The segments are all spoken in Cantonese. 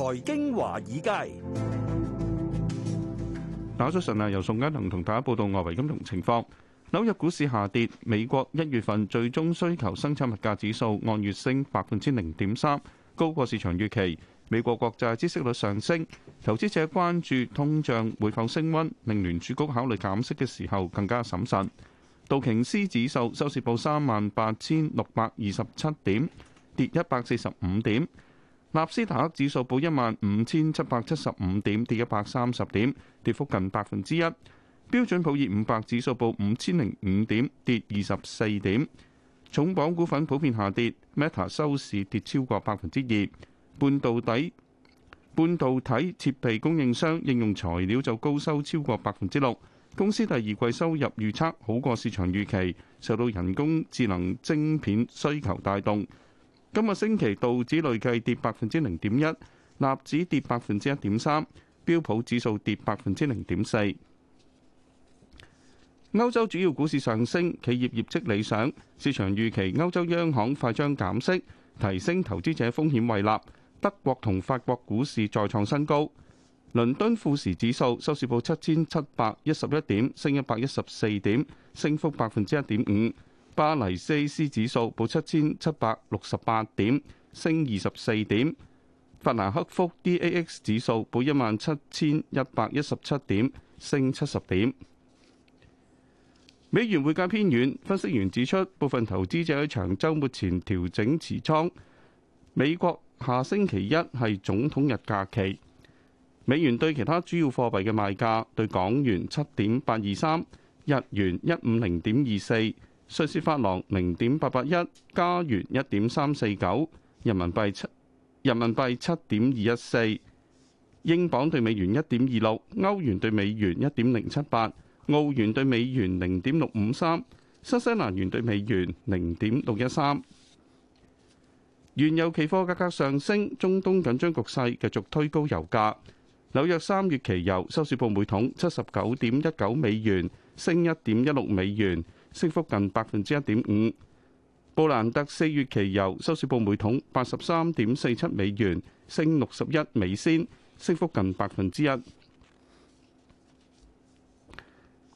財經華爾街，打咗陣啊！由宋嘉能同大家報道外圍金融情況。紐約股市下跌，美國一月份最終需求生產物價指數按月升百分之零點三，高過市場預期。美國國債孳息率上升，投資者關注通脹會否升溫，令聯儲局考慮減息嘅時候更加審慎。道瓊斯指數收市報三萬八千六百二十七點，跌一百四十五點。納斯達克指數報一萬五千七百七十五點，跌一百三十點，跌幅近百分之一。標準普爾五百指數報五千零五點，跌二十四點。重磅股份普遍下跌，Meta 收市跌超過百分之二。半導體半導體設備供應商應用材料就高收超過百分之六。公司第二季收入預測好過市場預期，受到人工智能晶片需求帶動。今日星期道指累計跌百分之零點一，納指跌百分之一點三，標普指數跌百分之零點四。歐洲主要股市上升，企業業績理想，市場預期歐洲央行快將減息，提升投資者風險胃納。德國同法國股市再創新高，倫敦富時指數收市報七千七百一十一點，升一百一十四點，升幅百分之一點五。巴黎 CAC 指數報七千七百六十八點，升二十四點。法蘭克福 DAX 指數報一萬七千一百一十七點，升七十點。美元匯價偏軟，分析員指出，部分投資者喺長週末前調整持倉。美國下星期一係總統日假期，美元對其他主要貨幣嘅賣價對港元七點八二三，日元一五零點二四。瑞士法郎零點八八一，加元一點三四九，人民幣七人民幣七點二一四，英鎊對美元一點二六，歐元對美元一點零七八，澳元對美元零點六五三，新西蘭元對美元零點六一三。原油期貨價格上升，中東緊張局勢繼續推高油價。紐約三月期油收市報每桶七十九點一九美元，升一點一六美元。升幅近百分之一點五。布蘭特四月期油收市報每桶八十三點四七美元，升六十一美仙，升幅近百分之一。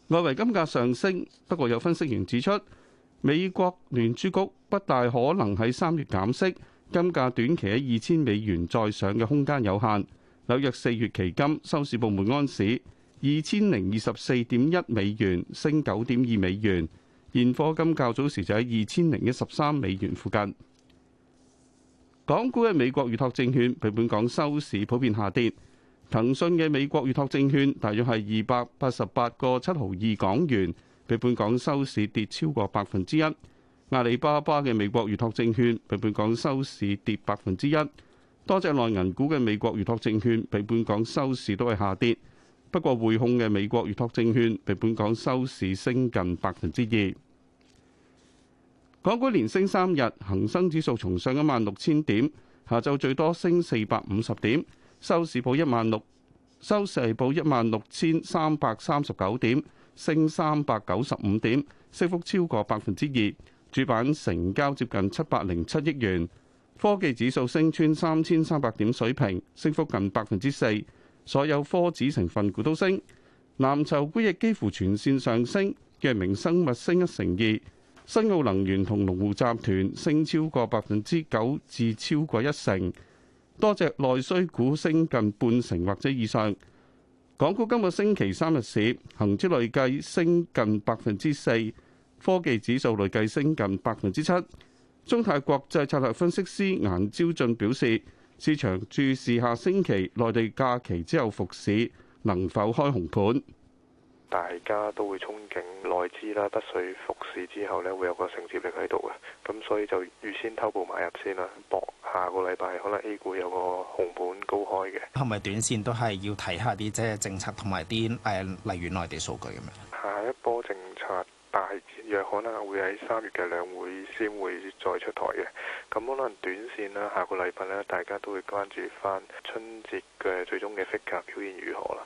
外圍金價上升，不過有分析員指出，美國聯儲局不大可能喺三月減息，金價短期喺二千美元再上嘅空間有限。紐約四月期金收市報每安士二千零二十四點一美元，升九點二美元。現貨金較早時就喺二千零一十三美元附近。港股嘅美國預託證券比本港收市普遍下跌。騰訊嘅美國預託證券大約係二百八十八個七毫二港元，比本港收市跌超過百分之一。阿里巴巴嘅美國預託證券比本港收市跌百分之一。多隻內銀股嘅美國預託證券比本港收市都係下跌。不過，匯控嘅美國預託證券比本港收市升近百分之二。港股連升三日，恒生指數重上一萬六千點，下晝最多升四百五十點，收市報一萬六，收市報一萬六千三百三十九點，升三百九十五點，升幅超過百分之二。主板成交接近七百零七億元，科技指數升穿三千三百點水平，升幅近百分之四。所有科指成分股都升，藍籌股亦幾乎全線上升，藥明生物升一成二。新奧能源同龍湖集團升超過百分之九至超過一成，多隻內需股升近半成或者以上。港股今個星期三日市，恒指累計升近百分之四，科技指數累計升近百分之七。中泰國際策略分析師顏招駿表示，市場注視下星期內地假期之後復市能否開紅盤。大家都會憧憬內資啦，北水復市之後呢，會有個承接力喺度嘅，咁所以就預先偷步買入先啦，搏下個禮拜可能 A 股有個紅盤高開嘅。係咪短線都係要睇下啲即係政策同埋啲誒、例如內地數據咁樣？下一波政策大約可能會喺三月嘅兩會先會再出台嘅，咁可能短線啦，下個禮拜呢，大家都會關注翻春節嘅最終嘅 figure 表現如何啦。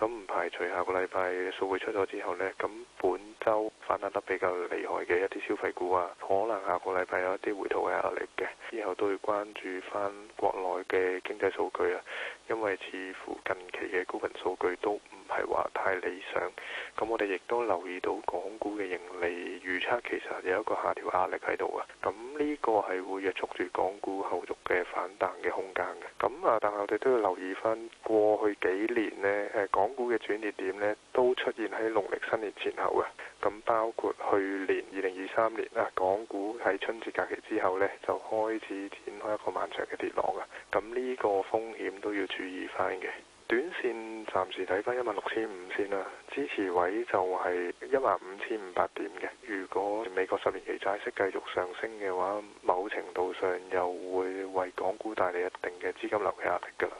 咁唔排除下個禮拜數據出咗之後呢，咁本周反彈得比較厲害嘅一啲消費股啊，可能下個禮拜有一啲回吐嘅壓力嘅，之後都要關注翻國內嘅經濟數據啊，因為似乎近期嘅高頻數據都唔係話太理想，咁我哋亦都留意到港股嘅盈利預測其實有一個下調壓力喺度啊，咁呢個係會約束住港股後續嘅反彈嘅空間嘅，咁啊，但係我哋都要留意翻過，過去幾年咧，誒，港股嘅轉跌點咧都出現喺農曆新年前後啊。咁包括去年二零二三年啊，港股喺春節假期之後咧，就開始展開一個漫長嘅跌浪啊！咁呢個風險都要注意翻嘅。短線暫時睇翻一萬六千五先啦，支持位就係一萬五千五百點嘅。如果美國十年期債息繼續上升嘅話，某程度上又會為港股帶嚟一定嘅資金流嘅壓力㗎啦。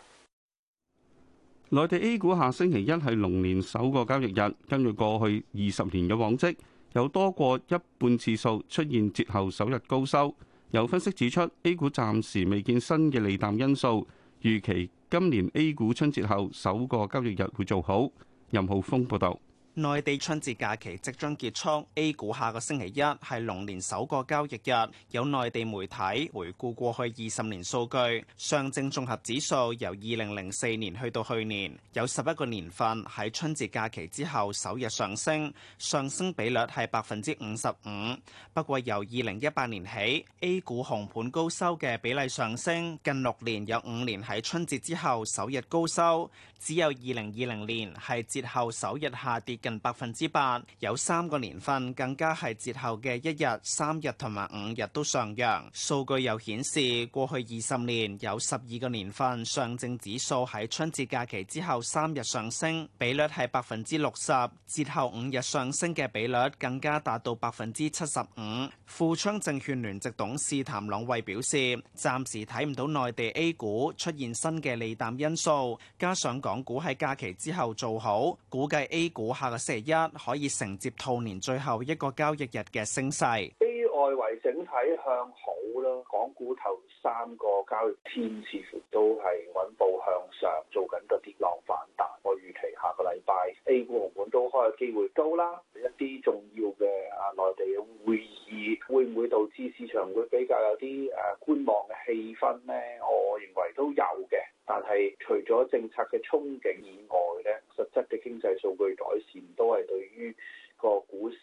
內地 A 股下星期一係龍年首個交易日，根據過去二十年嘅往績，有多過一半次數出現節後首日高收。有分析指出，A 股暫時未見新嘅利淡因素，預期今年 A 股春節後首個交易日會做好。任浩峰報導。內地春節假期即將結束，A 股下個星期一係龍年首個交易日。有內地媒體回顧過去二十年數據，上證綜合指數由二零零四年去到去年，有十一個年份喺春節假期之後首日上升，上升比率係百分之五十五。不過由二零一八年起，A 股紅盤高收嘅比例上升，近六年有五年喺春節之後首日高收，只有二零二零年係節後首日下跌。近百分之八，有三個年份更加係節後嘅一日、三日同埋五日都上揚。數據又顯示，過去二十年有十二個年份上證指數喺春節假期之後三日上升，比率係百分之六十；節後五日上升嘅比率更加達到百分之七十五。富昌證券聯席董事譚朗慧表示：暫時睇唔到內地 A 股出現新嘅利淡因素，加上港股喺假期之後做好，估計 A 股客個星期一可以承接兔年最後一個交易日嘅升勢，A 外圍整體向好啦，港股頭三個交易天似乎都係穩步向上，做緊個跌浪反彈。我預期下個禮拜 A 股紅盤都開嘅機會高啦。一啲重要嘅啊內地嘅會議會唔會導致市場會比較有啲誒觀望嘅氣氛咧？我認為都有嘅，但係除咗政策嘅憧憬以外咧。.實質嘅經濟數據改善都係對於個股市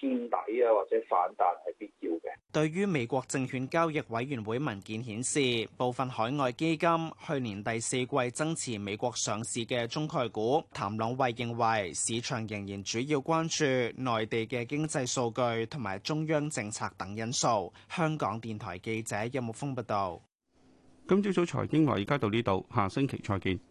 堅底啊或者反彈係必要嘅。對於美國證券交易委員會文件顯示，部分海外基金去年第四季增持美國上市嘅中概股。譚朗慧認為，市場仍然主要關注內地嘅經濟數據同埋中央政策等因素。香港電台記者任木峰報道。今朝早財經華爾街到呢度，下星期再見。